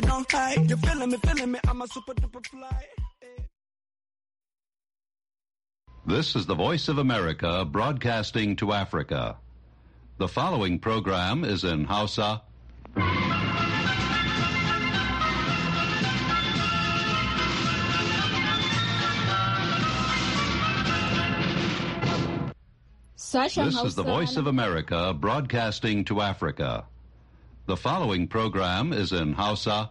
You feeling me, feeling me? I'm a super duper fly. This is the Voice of America broadcasting to Africa. The following program is in Hausa. Sasha this Hausa. is the Voice of America broadcasting to Africa. The following program is in Hausa.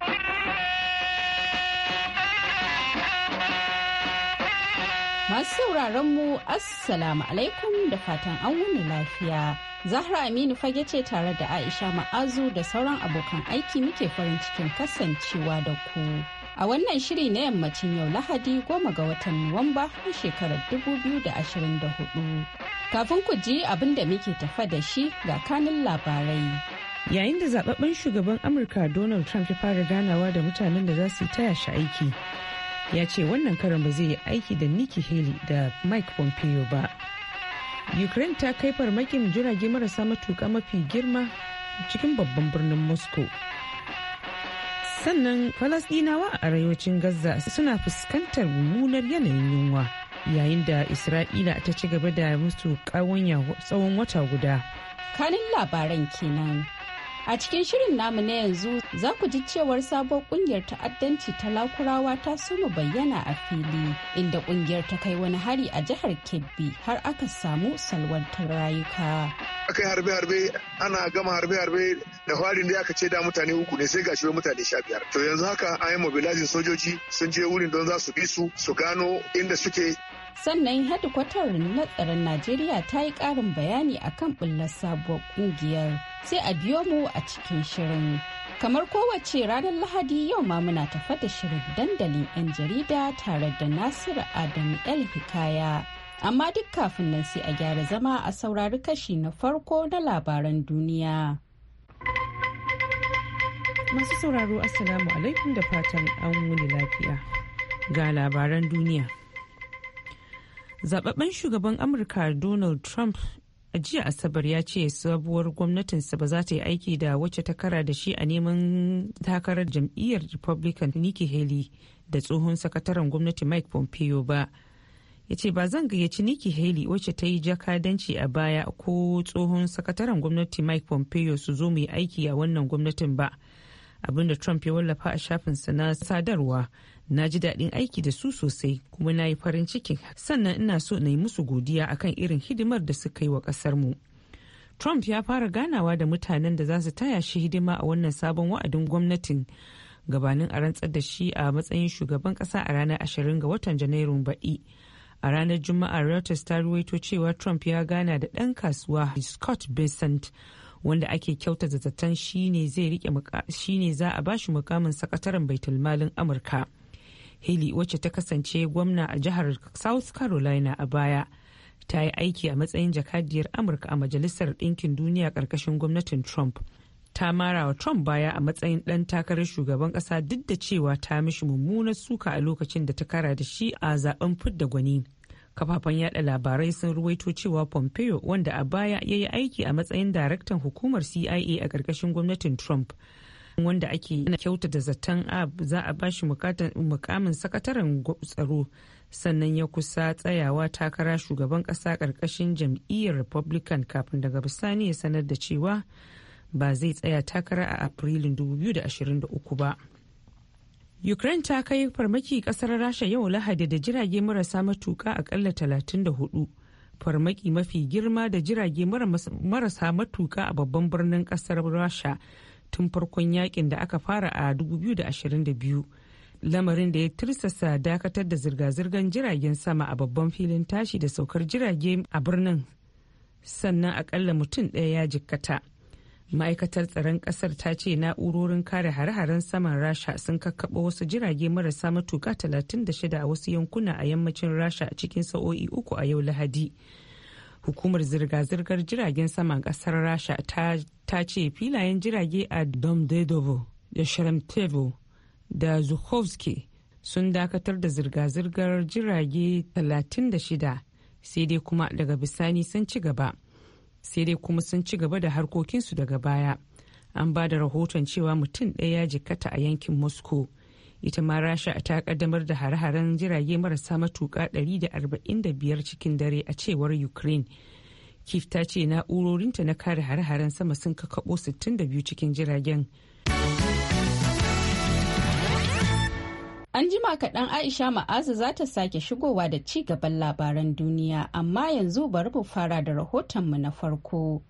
Masu sauraron mu Assalamu alaikum da fatan an wuni lafiya. Zahra Aminu fage ce tare da Aisha Ma'azu da sauran abokan aiki muke farin cikin kasancewa da ku. A wannan shiri na yammacin yau Lahadi goma ga watan Nuwamba ashirin shekarar 2024. Kafin ku ji abin da muke tafa da shi ga kanin labarai. Yayin da zababben shugaban Amurka Donald Trump ya fara ganawa da mutanen da za su taya shi aiki. ya ce wannan karan ba zai yi aiki da nikki haley da mike pompeo ba ukraine ta kai farmakin jirage marasa matuka mafi girma cikin babban birnin moscow sannan falasdinawa a arewacin gaza suna fuskantar mummunar yanayin yunwa yayin da isra'ila ta ci gaba da musu tsawon wata guda kanin labaran kenan A cikin shirin namu na yanzu za ku ji cewar sabon kungiyar ta'addanci ta lakurawa ta soma bayyana a fili inda kungiyar ta kai wani hari a jihar Kebbi har aka samu salwantar rayuka. a kai harbe-harbe ana gama harbe-harbe da farin da aka ce da mutane uku ne sai gashi mutane sha biyar. To yanzu haka an yi mobilizing sojoji sun je wurin don za su bi su su gano inda suke sannan hedikwatar na tsaron najeriya ta yi karin bayani akan bullar sabuwar kungiyar sai a biyo mu a cikin shirin kamar kowace ranar lahadi yau ma muna tafa da shirin dandalin 'yan jarida tare da nasiru adam el hikaya amma duk kafin nan sai a gyara zama a saurari kashi na farko na labaran duniya masu sauraro assalamu alaikum da fatan an wuni lafiya ga labaran duniya zababben shugaban amurka donald trump a jiya asabar ya ce sabuwar gwamnatinsa ba za ta yi aiki da wacce ta kara da shi a neman takarar jam'iyyar republican nikki haley da tsohon sakataren gwamnati mike pompeo ba ya ce ba zan gayyaci nikki haley wacce ta yi jakadanci a baya ko tsohon sakataren gwamnati mike pompeo su zo mu yi aiki a wannan gwamnatin ba abinda trump ya wallafa a shafinsa na sadarwa na ji daɗin aiki da su sosai kuma na yi farin ciki sannan ina so na yi musu godiya akan irin hidimar da suka yi wa ƙasar mu trump ya fara ganawa da mutanen da za su taya shi hidima a wannan sabon wa'adin gwamnatin gabanin a rantsar da shi a matsayin shugaban ƙasa a ranar 20 ga watan janairun baɗi a ranar juma'a reuters ta ruwaito cewa trump ya gana da ɗan kasuwa scott besant wanda ake kyautata zaton shine zai za a ba shi mukamin sakataren baitulmalin amurka haley wacce ta kasance gwamna a jihar south carolina a baya ta yi aiki a matsayin jakadiyar amurka a majalisar ɗinkin duniya ƙarƙashin gwamnatin trump ta mara wa trump baya a matsayin ɗan takarar shugaban ƙasa duk da cewa ta mishi mummunar suka a lokacin da ta kara da shi a zaben fidda gwani kafafen yada labarai sun ruwaito cewa pompeo wanda a baya ya yi aiki a matsayin daraktan hukumar cia a karkashin gwamnatin trump wanda ake kyauta da zaton za a bashi mukamin sakataren tsaro sannan ya kusa tsayawa takara shugaban ƙasa ƙarƙashin jam'iyyar republican kafin daga bisani ya sanar da cewa ba zai tsaya takara a afrilun 2023 ba. Ukraine ta kai farmaki kasar Rasha yau Lahadi da jirage marasa matuka akalla 34. Farmaki mafi girma da jirage marasa matuka a babban birnin kasar Rasha tun farkon yakin da aka fara a 2022. Lamarin da ya tirsasa dakatar da zirga-zirgar jiragen sama a babban filin tashi da saukar jirage a birnin sannan akalla mutum ɗaya ya jikkata. ma'aikatar tsaron kasar ta ce na'urorin kare hare-haren saman rasha sun kakkaɓo wasu jirage marasa matuka 36 a wasu yankuna a yammacin rasha a cikin sa'o'i uku a yau lahadi hukumar zirga-zirgar jiragen saman kasar rasha ta ce filayen jirage a domdedovo da sheremtevo da zukovski sun dakatar da zirga-zirgar jirage 36 sai dai kuma daga bisani sun ci gaba sai dai kuma sun ci gaba da harkokinsu daga baya an ba da rahoton cewa mutum ɗaya ya jikkata a yankin moscow ita ma rasha ta kaddamar da hare-haren jirage marasa matuka 145 cikin dare a cewar ukraine kif ta ce na'urorinta na kare hare-haren sama sun kakaɓo 62 cikin jiragen An jima kaɗan Aisha Ma'azu za ta sake shigowa da ci gaban labaran duniya amma yanzu bari mu fara da rahoton mu na farko.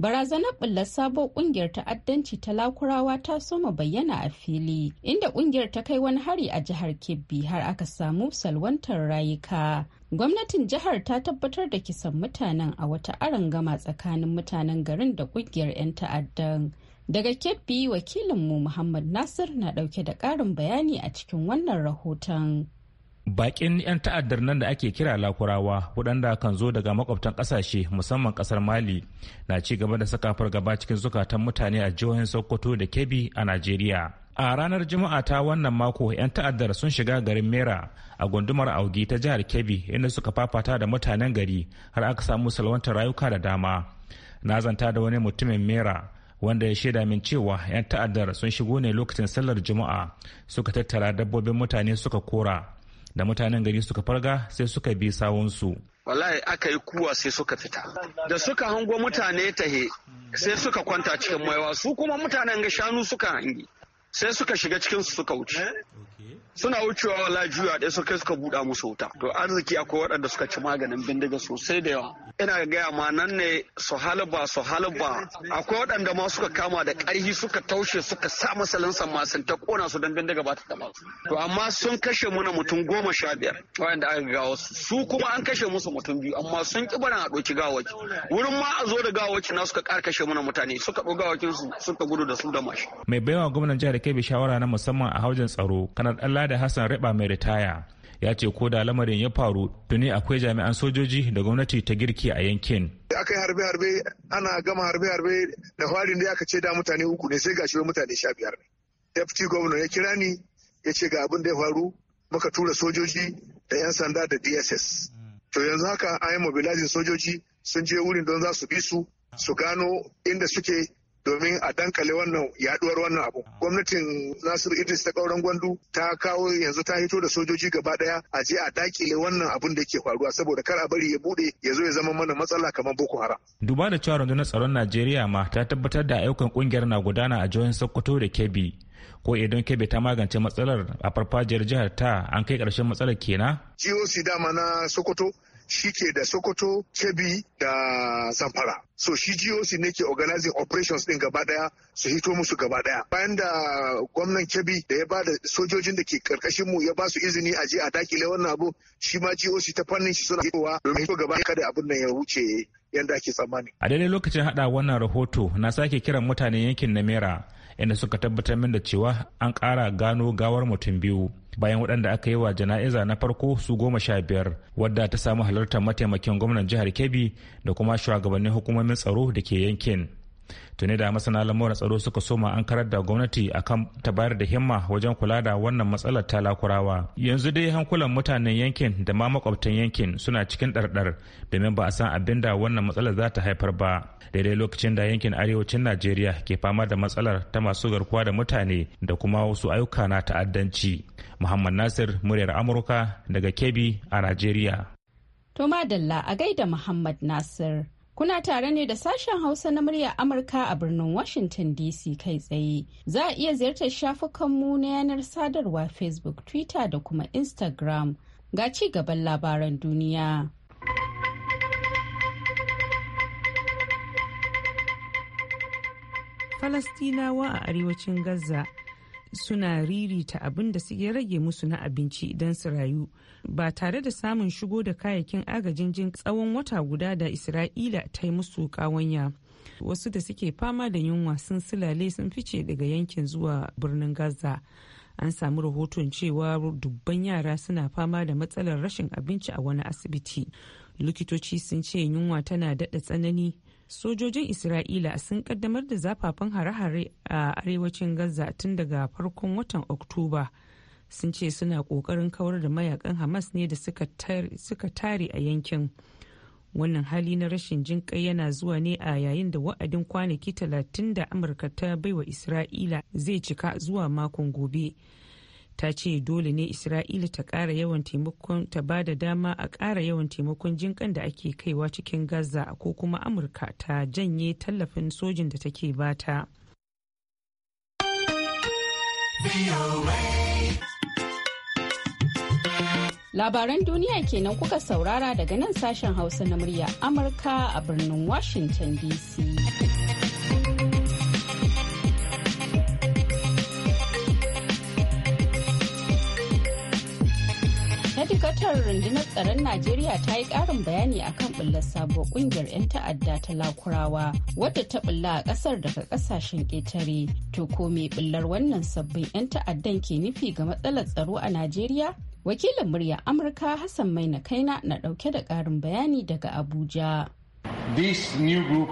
Barazanar bullar sabo ƙungiyar ta'addanci ta lakurawa ta soma bayyana a fili, inda ƙungiyar ta kai wani hari a jihar Kebbi har aka samu salwantar rayuka. Gwamnatin jihar ta tabbatar da kisan mutanen a wata arangama tsakanin mutanen garin da ƙungiyar 'yan ta'addan. Daga Kebbi mu Muhammad Nasir na ɗauke da ƙarin bayani a cikin wannan rahoton. Bakin 'yan ta'addar nan da ake kira lakurawa waɗanda kan zo daga makwabtan ƙasashe musamman ƙasar Mali na ci gaba da saka gaba cikin zukatan mutane a jihohin Sokoto da Kebbi a Najeriya. a ranar juma'a ta wannan mako 'yan ta'addar sun shiga garin mera a gundumar augi ta jihar kebbi inda suka fafata da mutanen gari har aka samu salwantar rayuka da dama na zanta da wani mutumin mera wanda ya shaida min cewa 'yan ta'addar sun shigo ne lokacin sallar juma'a suka tattara dabbobin mutane suka kora da mutanen gari suka farga sai suka bi sawunsu. wallahi aka yi kuwa sai suka fita da suka hango mutane tahe sai suka kwanta cikin maiwa su kuma mutanen ga shanu suka hangi sai suka shiga cikin su suka wuce suna wucewa wala juya ɗaya suka suka buɗa musu wuta to arziki akwai waɗanda suka ci maganin bindiga sosai da yawa ina gaya ma nan ne su halba su halba akwai waɗanda ma suka kama da ƙarfi suka taushe suka sa masalinsa masin ta kona su dangane daga bata da masu to amma sun kashe muna mutum goma sha biyar waɗanda aka gawo su su kuma an kashe musu mutum biyu amma sun ki barin a ɗauki gawaki wurin ma a zo da gawaki na suka ƙara kashe muna mutane suka ɗau gawakin su suka gudu da su da mashi. mai baiwa gwamnan jihar kebbi shawara na musamman a haujin tsaro kanar ɗan da hassan riba mai ritaya ya ce ko da lamarin ya faru tuni akwai jami'an sojoji da gwamnati ta girki a yankin aka yi harbe-harbe ana gama harbe-harbe da farin da aka ce da mutane uku ne sai ga gashi mutane sha biyar ne deputy governor ya kira ni ya ce ga abin da ya faru muka tura sojoji da 'yan sanda da dss to yanzu haka an yi mobilizing sojoji sun je wurin don za su bi su su gano inda suke domin a dankale wannan yaduwar wannan abu ah. gwamnatin nasiru idris ta kauran gwandu ta kawo yanzu ta hito da sojoji gaba daya a je a dakile wannan abun da yake faruwa saboda kar a bari ya bude ya zo ya zama mana matsala kamar boko haram duba da cewa rundunar tsaron najeriya ma ta tabbatar da ayyukan kungiyar na gudana a jihohin sokoto da kebbi ko idan kebbi ta magance matsalar a farfajiyar jihar ta an kai ƙarshen matsalar kenan. jihohi dama na Sokoto shi ke da Sokoto, Kebbi da Zamfara. So shi GOC ne ke organizing operations din gaba daya su hito musu gaba daya. Bayan da gwamnan Kebbi da ya ba da sojojin da ke karkashin mu ya ba su izini a je a dakile wannan abu shi ma GOC ta fannin shi suna hitowa domin hito gaba kada abin nan ya wuce yadda ake tsammani. A daidai lokacin hada wannan rahoto na sake kiran mutanen yankin Namera inda suka tabbatar min da cewa an kara gano gawar mutum biyu. bayan waɗanda aka yi wa jana'iza na farko su goma sha biyar wadda ta samu halartar mataimakin gwamnan jihar kebbi da kuma shugabannin hukumomin tsaro da ke yankin tuni da masana lamuran tsaro suka soma an karar da gwamnati akan ta bayar da himma wajen kula da wannan matsalar ta lakurawa yanzu dai hankulan mutanen yankin da ma makwabtan yankin suna cikin ɗarɗar domin ba a san abin da wannan matsalar za ta haifar ba daidai lokacin da yankin arewacin najeriya ke fama da matsalar ta masu garkuwa da mutane da kuma wasu ayyuka na ta'addanci Muhammad Nasir muryar Amurka daga Kebbi a Najeriya. To Madalla a gaida Muhammad Nasir. Kuna tare ne da sashen Hausa na muryar Amurka a birnin Washington DC kai tsaye. Za a iya ziyartar shafukanmu na yanar sadarwa Facebook, Twitter da kuma Instagram. Ga ci gaban labaran duniya. Falastinawa a arewacin Gaza suna ririta abin da suke rage musu na abinci idan su rayu ba tare da samun shigo da kayayyakin agajin jin tsawon wata guda da isra'ila ta yi musu kawanya wasu da suke fama da yunwa sun silale sun fice daga yankin zuwa birnin gaza an samu rahoton cewa dubban yara suna fama da matsalar rashin abinci a wani asibiti likitoci sun ce yunwa tana daɗa tsanani sojojin isra'ila sun kaddamar da zafafan hare-hare a arewacin gaza tun daga farkon watan oktoba sun ce suna kokarin kawar da mayakan hamas ne da suka tare a yankin wannan hali na rashin jin kai yana zuwa ne a yayin da wa'adin kwanaki talatin da amurka ta baiwa isra'ila zai cika zuwa makon gobe. ta ce dole ne isra'ila ta kara yawan taimakon ta ba da dama a ƙara yawan taimakon jinkan da ake kaiwa cikin gaza ko kuma amurka ta janye tallafin sojin da take bata. Labaran duniya kenan kuka saurara daga nan sashen Hausa na murya Amurka a birnin Washington DC. Hedikwatar rundunar tsaron Najeriya ta yi ƙarin bayani akan ɓullar sabuwar ƙungiyar 'yan ta'adda ta Lakurawa wadda ta ɓulla a ƙasar daga ƙasashen ƙetare. To ko me ɓullar wannan sabbin 'yan ta'addan ke nufi ga matsalar tsaro a Najeriya? Wakilin murya Amurka Hassan Maina Kaina na ɗauke da ƙarin bayani daga Abuja. This new group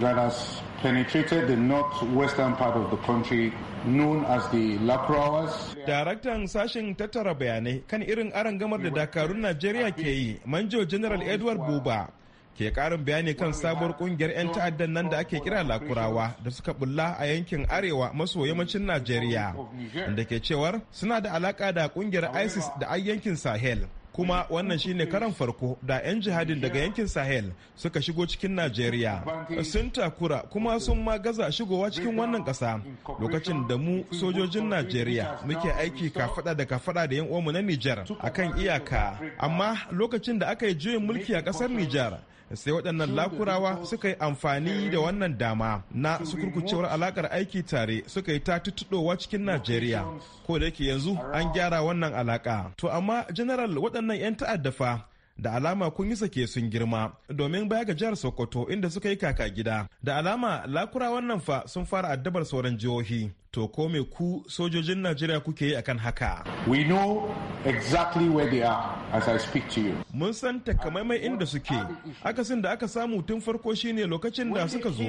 that has penetrated the northwestern part of the country known as the Lakrawas. Daraktan sashen tattara bayanai kan irin gamar da dakarun Najeriya ke yi, Manjo General Edward Buba ke karin bayani kan sabuwar kungiyar 'yan ta'addan nan da ake kira lakurawa da suka bulla a yankin arewa maso yammacin najeriya da ke cewar suna da alaka da kungiyar isis da ayyankin sahel kuma wannan shine karan farko da 'yan jihadin daga yankin sahel suka shigo cikin najeriya sun takura kuma sun ma gaza shigowa cikin wannan ƙasa lokacin da mu sojojin najeriya muke aiki kafada da kafada da 'yan uwanmu na nijar akan iyaka amma lokacin da aka yi juyin mulki a ƙasar nijar sai waɗannan lakurawa suka yi amfani da wannan dama na sukurkucewar alakar aiki tare suka yi ta tutuɗowa cikin najeriya ko da yake yanzu an gyara wannan alaƙa. to amma general waɗannan 'yan ta'adda fa da alama kun yi sake sun girma domin baya ga jihar sokoto inda suka yi kaka gida da alama lakura wannan fa sun fara addabar sauran jihohi To ko me ku sojojin Najeriya kuke yi akan haka? We know exactly where they are as I speak to you. Mun san takamaiman inda suke. Akasin da aka samu tun farko shine lokacin da suka zo.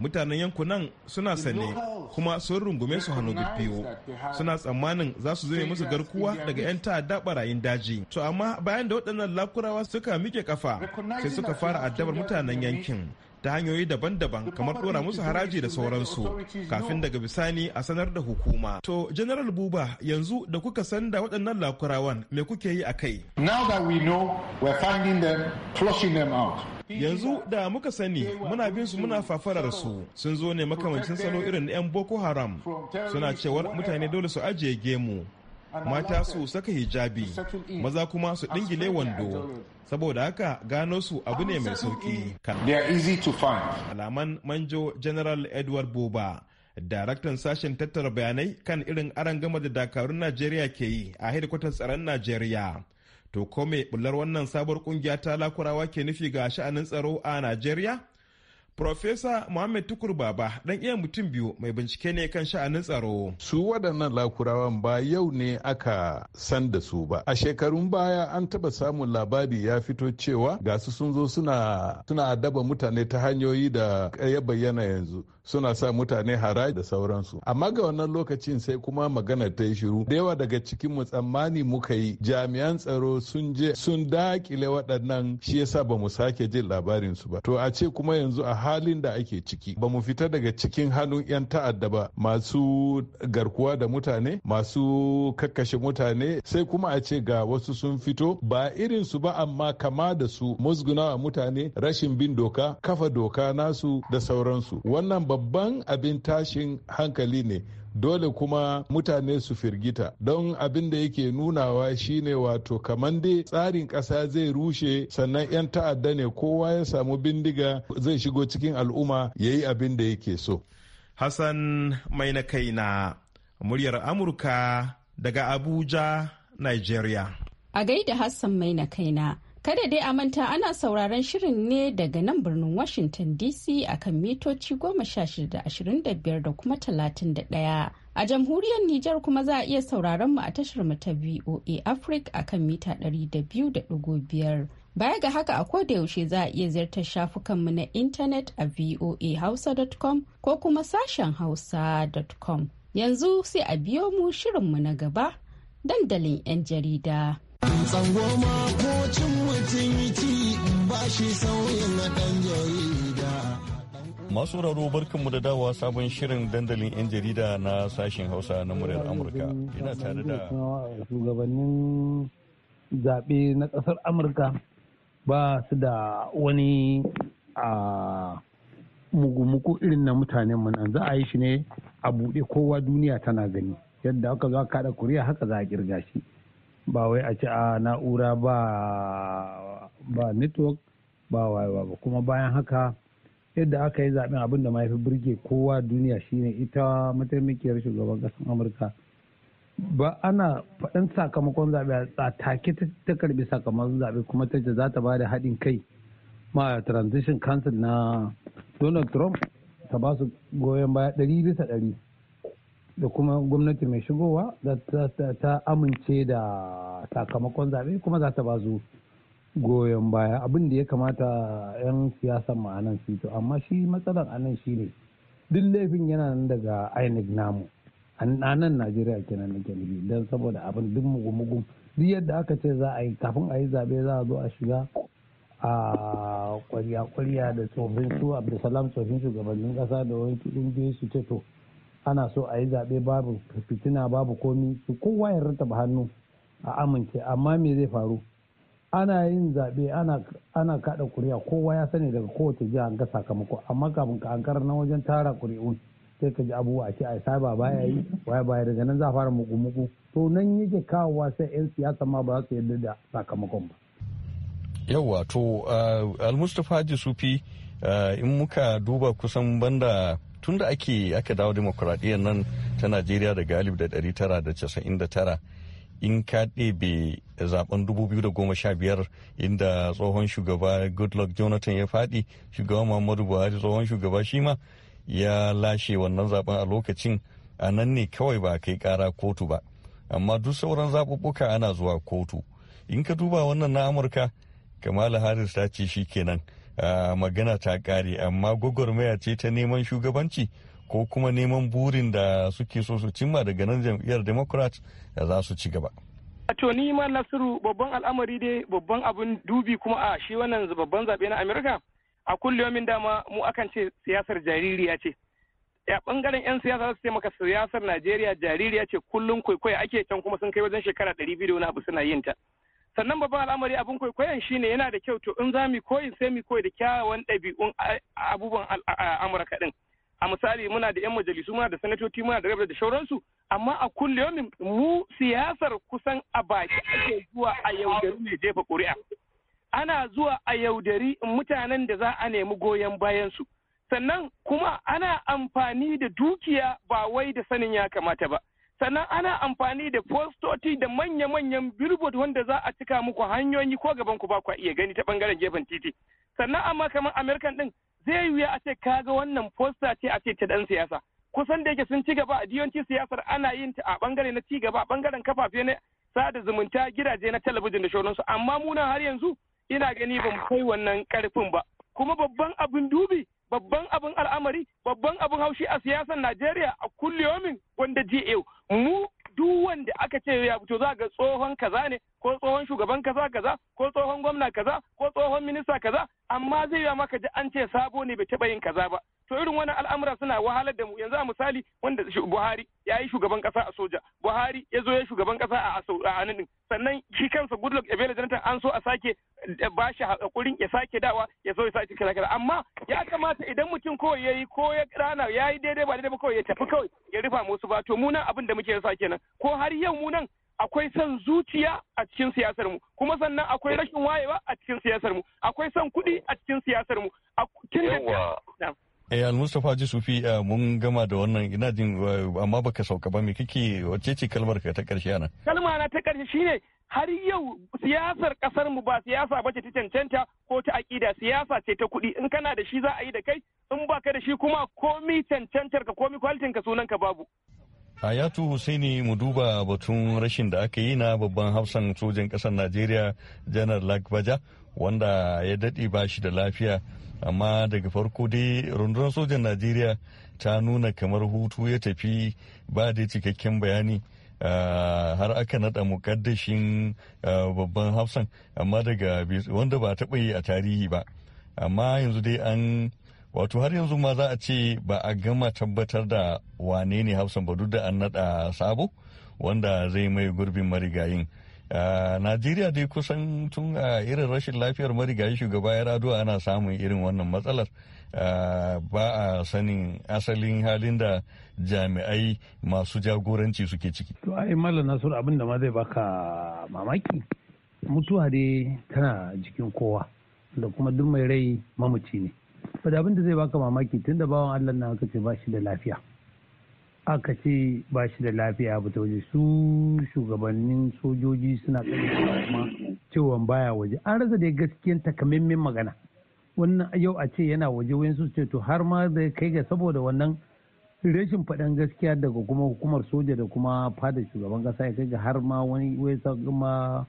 Mutanen yankunan suna sane kuma sun rungume su hannu biyu. Suna tsammanin za su zame musu garkuwa daga 'yan ta'adda barayin daji. To amma bayan da waɗannan lakurawa suka mike kafa sai suka fara addabar mutanen yankin. ta hanyoyi daban-daban kamar dora musu haraji da sauransu kafin daga bisani a sanar da hukuma. To, General Buba yanzu da kuka san da waɗannan lakurawan me kuke yi a kai? Now that we know, we're finding them, flushing them out. yanzu da muka sani muna bin su muna fafarar su sun zo ne makamancin salo irin 'yan boko haram suna cewar mutane dole su ajiye gemu mata su saka hijabi maza kuma su dingile wando saboda haka gano su abu ne mai sauki alaman manjo general edward buba daraktan sashen tattara bayanai kan irin gama da dakarun najeriya ke yi a hedikwatar tsaron najeriya to kome bular wannan sabuwar kungiya ta lakurawa ke nufi ga sha'anin tsaro a najeriya Profesa Muhammad Tukur Baba dan iya mutum biyu mai bincike ne kan sha'anin tsaro. Su waɗannan lakurawan ba yau ne aka san da su ba. A shekarun baya an taɓa samun labari ya fito cewa gasu sun zo suna suna adaba mutane ta hanyoyi da ya bayyana yanzu. suna sa mutane haraji da sauransu amma ga wannan lokacin sai kuma magana ta yi shiru da yawa daga cikin mu tsammani muka yi jami'an tsaro sun je sun dakile waɗannan shi yasa ba mu sake jin labarin su ba to a ce kuma yanzu a halin da ake ciki ba mu fita daga cikin hannun 'yan ta'adda ba masu garkuwa da mutane masu kakkashe mutane sai kuma a ce ga wasu sun fito ba irin su ba amma kama da su musgunawa mutane rashin bin doka kafa doka nasu da sauransu wannan babban abin tashin hankali ne dole kuma mutane su firgita don abin da yake nunawa shine wato kamar dai tsarin ƙasa zai rushe sannan 'yan ta'adda ne kowa ya samu bindiga zai shigo cikin al'umma ya yi abin da yake so hassan mai na kai na muryar amurka daga abuja nigeria a gaida hassan mai na kaina Kada dai a manta ana sauraron shirin ne daga nan birnin Washington DC akan mitoci goma sha shida ashirin da biyar da kuma talatin da ɗaya. A jamhuriyar Nijar kuma za a iya sauraron mu a tashar mu ta VOA Africa akan mita ɗari da biyu da biyar. Baya ga haka a koda yaushe za a iya ziyartar shafukanmu na intanet a voahausa.com ko kuma sashen hausa.com. Yanzu sai a biyo mu shirin mu na gaba dandalin 'yan jarida. Tsangwama ko cin ba shi sauyin Masu barkanmu da dawa sabon shirin dandalin 'yan jarida na sashen Hausa na muryar Amurka. Ina tare da shugabannin zaɓe na ƙasar Amurka ba su da wani a mugumuku irin na mutanen mu nan za a yi shi ne a buɗe kowa duniya tana gani yadda aka zo ka kada kuriya haka za a kirga shi ba wai a ci a ah, na'ura ba ba network ba wayewa ba kuma bayan haka yadda aka yi zaɓen abin da ma ya burge kowa duniya shine ita mataimakiyar shugaban ƙasar amurka ba ana faɗin sakamakon zaɓe a take ta karbi sakamakon zaɓe kuma ta ce za ta ba da haɗin kai ma transition council na donald trump ta ba su goyon baya ɗari bisa ɗari da kuma gwamnati mai shigowa ta amince da sakamakon zaɓe kuma za ta bazu goyon baya abin da ya kamata 'yan siyasan ma'anan to amma shi matsalar anan shi ne duk laifin yana nan daga inec namu a nan najeriya kenan nake nufi don saboda abin duk mugun duk yadda aka ce za a yi kafin a yi zaɓe za a zo a shiga a kwarya-kwarya da tsofin su abdulsalam tsofin shugabannin ƙasa da wani kudin su ce to ana so a yi zaɓe babu fitina babu komi su kowa ya rattaba hannu a amince amma me zai faru ana yin zaɓe ana kaɗa kuri'a kowa ya sani daga kowace jiha an ga sakamako amma kafin ka ankara na wajen tara ƙuri'un sai ka ji abubuwa a ce a saba baya yi waya baya daga nan za a fara muku-muku to nan yake kawowa sai 'yan siyasa ma ba za su yarda da sakamakon ba. yawwa to uh, almustapha jisufi sufi uh, in muka duba kusan banda tun da ake aka dawo demokuraɗiyyar nan ta najeriya da da tara in ka ɗebe zaben 2015 inda tsohon shugaba goodluck jonathan ya faɗi shugaba muhammadu buhari tsohon shugaba shi ma ya lashe wannan zaben a lokacin a nan ne kawai ba kai ƙara kotu ba amma duk sauran zaɓuɓɓuka ana zuwa kotu in ka duba wannan na amurka kamala harris ta ce shi kenan magana ta kare amma gwagwarmaya ce ta neman shugabanci ko kuma neman burin da suke so su cimma daga nan jam'iyyar democrat da za su ci gaba to ni ma nasiru babban al'amari dai babban abin dubi kuma a shi wannan babban zabe na amerika a kulliyomin dama mu akan ce siyasar jaririya ce a bangaren 'yan siyasa su taimaka siyasar najeriya jaririya ce kullum kwaikwayo ake can kuma sun kai wajen shekara ɗari biyu da wani abu suna yin ta sannan babban al'amari abin kwaikwayon shine yana da kyau to in za mu koyi sai mu koyi da kyawawan ɗabi'un abubuwan amurka din a misali muna da yan majalisu muna da sanatoci muna da rabar da shauransu amma a kullum mu siyasar kusan a baki ake zuwa a yaudari mai jefa ƙuri'a ana zuwa a yaudari mutanen da za a nemi goyon bayansu sannan kuma ana amfani da dukiya ba wai da sanin ya kamata ba sannan ana amfani da postoti da manya-manyan billboard wanda za a cika muku hanyoyi ko gaban ku ba ku iya gani ta bangaren gefen titi sannan amma kamar american din zai wuya a ce kaga wannan posta ce a ce ta dan siyasa kusan da yake sun ci gaba a diyonci siyasar ana yin ta a bangare na ci gaba a bangaren kafafe na sada zumunta gidaje na talabijin da shauransu amma munan har yanzu ina gani ban kai wannan karfin ba kuma babban abin dubi babban abin al'amari babban abin haushi a siyasar najeriya a kulliyomin wanda G_A_O. mu duk wanda aka ce ya fito za ga tsohon kaza ne ko tsohon shugaban kaza kaza ko tsohon gwamna kaza ko tsohon minista kaza amma zai yi maka ji an ce sabo ne bai taɓa yin kaza ba to irin wannan al'amura suna wahalar da mu yanzu a misali wanda Buhari ya yi shugaban kasa a soja Buhari ya zo ya shugaban kasa a anan din sannan shi kansa Goodluck Ebele Jonathan an so a sake eh, ba shi hakurin ya sake dawa ya so ya sake kira kira amma ya kamata idan mutum kawai ya yi ko ya rana ya yi daidai ba daidai ba kawai ya tafi kawai ya rufa musu ba to munan abin da muke sake kenan ko har yau munan akwai son zuciya a cikin siyasar mu kuma sannan akwai rashin wayewa a cikin siyasar mu akwai son kuɗi a cikin siyasar mu a cikin Eh al ji sufi eh, mun gama da wannan ina jin eh, amma baka sauka ba me kake wacce ce kalmar ka ta karshe nan? Kalma na ta karshe shine har yau siyasar kasar mu ba siyasa bace ta cancanta ko ta aƙida siyasa ce ta kuɗi in kana da shi za a yi da kai in baka da shi kuma komi cancantar ka komi kwalitin ka sunan ka babu. Hayatu Husaini mu duba batun rashin da aka yi na babban hafsan sojan kasar Najeriya Janar Lagbaja wanda ya daɗe ba shi da lafiya amma daga farko dai rundunar sojan najeriya ta nuna kamar hutu ya tafi ba da cikakken bayani har aka nada mukaddashin babban hafsan amma daga wanda ba taba yi a tarihi ba amma yanzu dai an wato har yanzu ma za a ce ba a gama tabbatar da wane ne hafsan ba duk da an nada sabo wanda zai mai gurbin marigayin Najeriya dai kusan tun a irin rashin lafiyar marigayi shugaba ya rado ana samun irin wannan matsalar ba a sanin asalin halin da jami'ai masu jagoranci suke ciki. To ai Nasiru abin da ma zai baka mamaki mutuwa dai tana jikin kowa da kuma duk mai rai mamaci ne. Fada abin da zai baka mamaki tun da bawan Allah na haka ce ba shi da lafiya. aka ce ba shi da lafiya ba ta waje su shugabannin sojoji suna kuma cewa baya waje an rasa da gaskiyan takamaimin magana wannan yau a ce yana waje wayan su ce to har ma da kai ga saboda wannan rashin faɗan gaskiya daga kuma hukumar soja da kuma fada shugaban kasa ya kai ga har ma wani wayasa kuma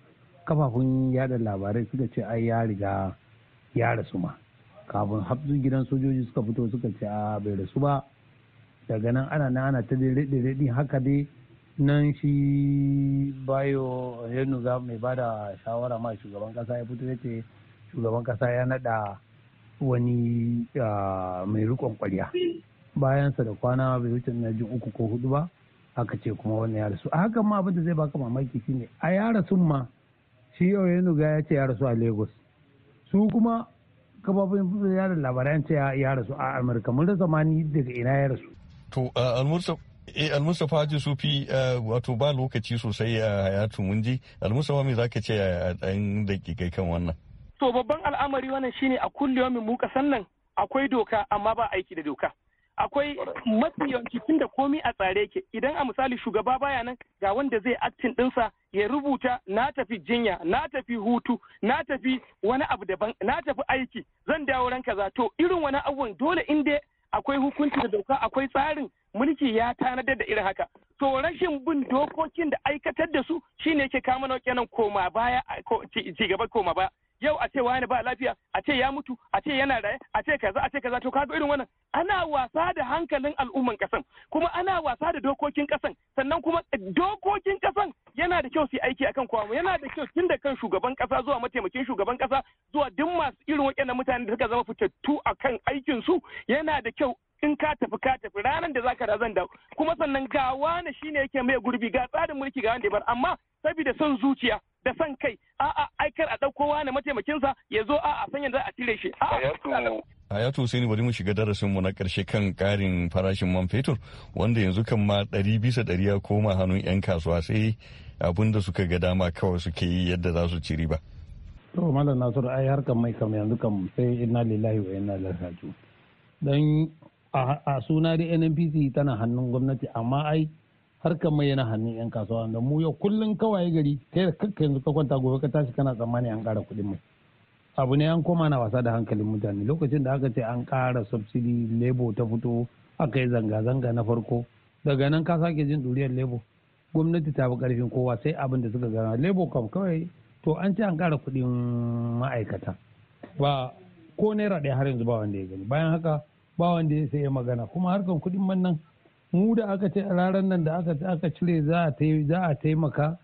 kafafun yada labarai suka ce ai ya riga ya rasu ma kafin hafzu gidan sojoji suka fito suka ce a bai rasu ba daga nan ana nan ana ta daidai haka dai nan shi bayo ga mai ba da shawara ma shugaban kasa ya fito ya ce shugaban kasa ya naɗa wani mai rikon kwarya sa da kwana bai wuce na jin uku ko hudu ba aka ce kuma wani ya rasu a hakan ma abin da zai baka mamaki shine a ya rasu ma shi yau ya nuga ya ce ya rasu a lagos su kuma kafafin yada labaran ce ya rasu a amurka mun rasa ma ni daga ina ya rasu To uh, Almustapha eh, su Sufi uh, wato ba lokaci sosai a uh, hayatu mun ji mai za zaka ce a ɗan daƙiƙai kan wannan? To babban al'amari wannan shine a kulliyomi mu kasan nan akwai doka amma ba aiki da doka. akwai mafi yawanci tun da komi a tsare yake idan a misali shugaba baya nan ga wanda zai aktin dinsa ya rubuta na tafi jinya na tafi hutu na tafi wani abu daban na tafi aiki zan dawo ranka za to irin wani abubuwan dole inda. akwai hukunci da doka akwai tsarin mulki ya tanadar da irin haka to rashin bin dokokin da aikatar da su shine yake kawo mana koma baya ci gaba koma baya yau a ce wani ba lafiya a ce ya mutu a ce yana raye a ce kaza a ce kaza to kaga irin wannan ana wasa da hankalin al'umman kasan kuma ana wasa da dokokin kasan sannan kuma dokokin kasan yana da kyau su aiki akan kowa yana da kyau tun da kan shugaban kasa zuwa mataimakin shugaban kasa zuwa duk masu irin waɗannan mutane da suka zama fitattu akan aikin su yana da kyau in ka tafi ka tafi ranar da zaka da zan kuma sannan gawa na shine yake mai gurbi ga tsarin mulki ga wanda bar amma saboda son zuciya da son kai a'a ai kar a ɗauko wani mataimakinsa ya zo a'a san a cire shi Hayatu Husaini bari mu shiga darasin mu na karshe kan ƙarin farashin man fetur wanda yanzu kan ma ɗari bisa ɗari ya koma hannun 'yan kasuwa sai abin da suka ga dama kawai suke yi yadda za su ciri ba. To Malam Nasiru ai harkar mai kam yanzu kam sai inna lillahi wa inna ilaihi raji'un. Dan a suna da NNPC tana hannun gwamnati amma ai harkar mai yana hannun 'yan kasuwa da mu yau kullum kawai gari kai da kakka yanzu ka kwanta gobe ka tashi kana tsammani an ƙara kuɗin mai abu ne an koma na wasa da hankalin mutane lokacin da aka ce an ƙara subsidy lebo ta fito aka yi zanga-zanga na farko daga nan ka sake jin duriyar lebo gwamnati ta fi ƙarfin kowa sai abin da suka gana lebo kam kawai to an ce an ƙara kuɗin ma'aikata ba ko naira ɗaya har yanzu ba wanda ya gani bayan haka ba wanda ya sai magana kuma harkar kuɗin man nan mu da aka ce a ranar nan da aka cire za a taimaka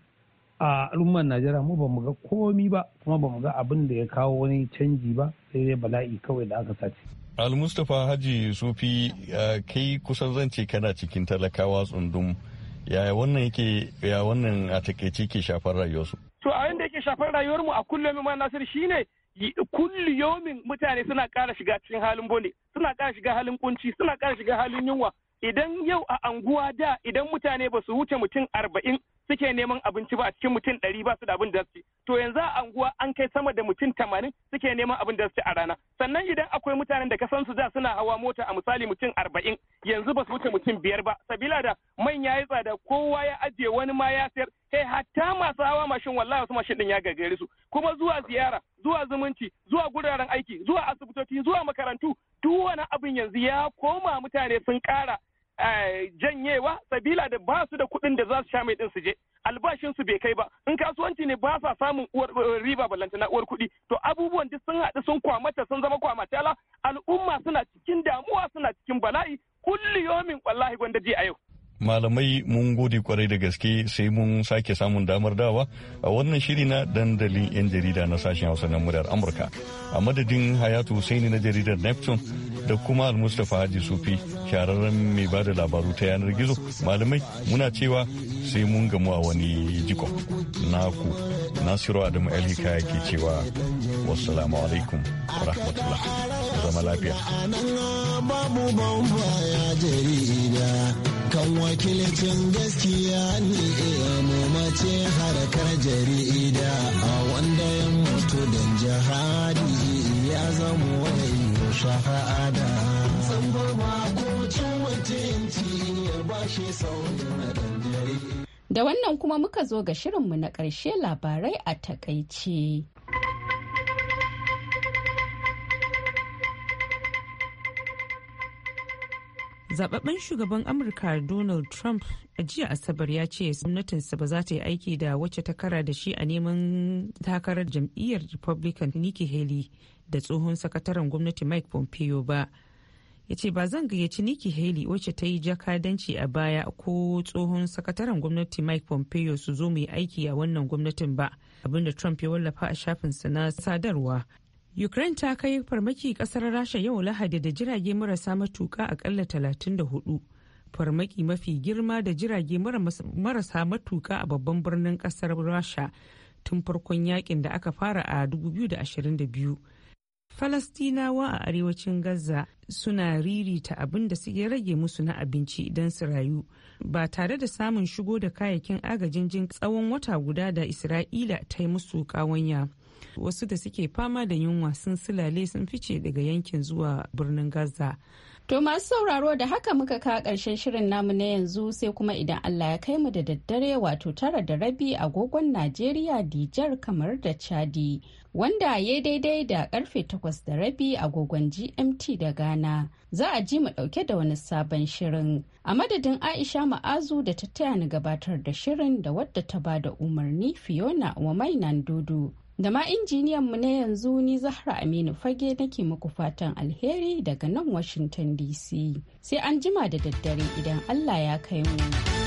a al'ummar najeriya mu ba mu ga komi ba kuma ba mu ga abin da ya kawo wani canji ba sai dai bala'i kawai da aka sace almustapha haji sufi kai kusan zance kana cikin talakawa tsundum yaya wannan yake ya wannan a takaice ke shafar rayuwarsu to a da yake shafar rayuwar mu a kullum ma nasir shine kullu yomin mutane suna ƙara shiga cikin halin bone suna ƙara shiga halin kunci suna ƙara shiga halin yunwa idan yau a anguwa da idan mutane ba su wuce mutum arba'in suke neman abinci ba a cikin mutum ɗari ba su da abin da su to yanzu a anguwa an kai sama da mutum tamanin suke neman abin da su a rana sannan idan akwai mutanen da kasan su da suna hawa mota a misali mutum arba'in yanzu ba su wuce mutum biyar ba sabila da manya ya tsada kowa ya ajiye wani ma ya sayar kai hatta masu hawa mashin wallahi wasu mashin din ya gagare su kuma zuwa ziyara zuwa zumunci zuwa guraren aiki zuwa asibitoci zuwa makarantu duk wani abin yanzu ya koma mutane sun kara Eh, janyewa sabila da ba su da kuɗin da za su sha mai ɗin su je albashin su bai kai ba in kasuwanci ne ba sa samun uwar eh, riba ballanta na uwar kuɗi to abubuwan duk sun haɗu sun kwamata sun zama kwamatala al'umma suna cikin damuwa suna cikin bala'i kulli yomin wallahi gwanda ji a yau malamai mun gode kwarai da gaske sai mun sake samun damar dawa a wannan shiri na dandalin 'yan jarida na sashen hausa na muryar amurka a madadin hayatu saini na jaridar neptune da kuma almustapha haji sufi shahararren mai ba da labaru ta yanar gizo malamai muna cewa sai mun gamu a wani jiko naku nasiru adamu alhika ke cewa wassalamu alaikum rahmatullah zama lafiya kishin gaskiya ni iya eh, mace harkar jarida a wanda ya mutu don jihadi ya zama wani shahada. Da wannan kuma muka zo ga shirinmu na ƙarshe labarai a takaice. zababben shugaban amurka donald trump a jiya asabar ya ce gwamnatinsa ba za ta yi aiki da wacce ta kara da shi a neman takarar jam'iyyar republican nikki haley da tsohon sakataren gwamnati mike pompeo ba ya ce ba zan gayyaci nikki haley wacce ta yi jakadanci a baya ko tsohon sakataren gwamnati mike pompeo su zo mu yi aiki a wannan gwamnatin ba abinda trump ya wallafa a shafinsa na sadarwa Ukraine ta kai farmaki kasar Rasha yau Lahadi da jirage marasa matuka akalla 34. Farmaki mafi girma da jirage marasa matuka a babban birnin kasar Rasha tun farkon yakin da aka fara a 2022. Falastinawa a arewacin Gaza suna ririta abin da suke rage musu na abinci idan su rayu ba tare da samun shigo da kayayyakin agajin jin tsawon wata guda da Isra'ila ta yi musu kawanya. wasu da suke fama da yunwa sun silale sun fice daga yankin zuwa birnin gaza to masu sauraro da haka muka ka karshen shirin namu na yanzu sai kuma idan allah ya kai mu da daddare wato tara da rabi agogon najeriya dijar kamar da chadi wanda ya daidai da karfe takwas da rabi agogon gmt da ghana za a ji mu dauke da wani sabon shirin a madadin aisha ma'azu da ta taya ni gabatar da shirin da wadda ta ba da umarni fiona wa mainan dudu da ma injiniyan mu na yanzu ni Zahra Aminu Fage nake muku fatan alheri daga nan Washington DC. Sai an jima da daddare idan Allah ya kai mu.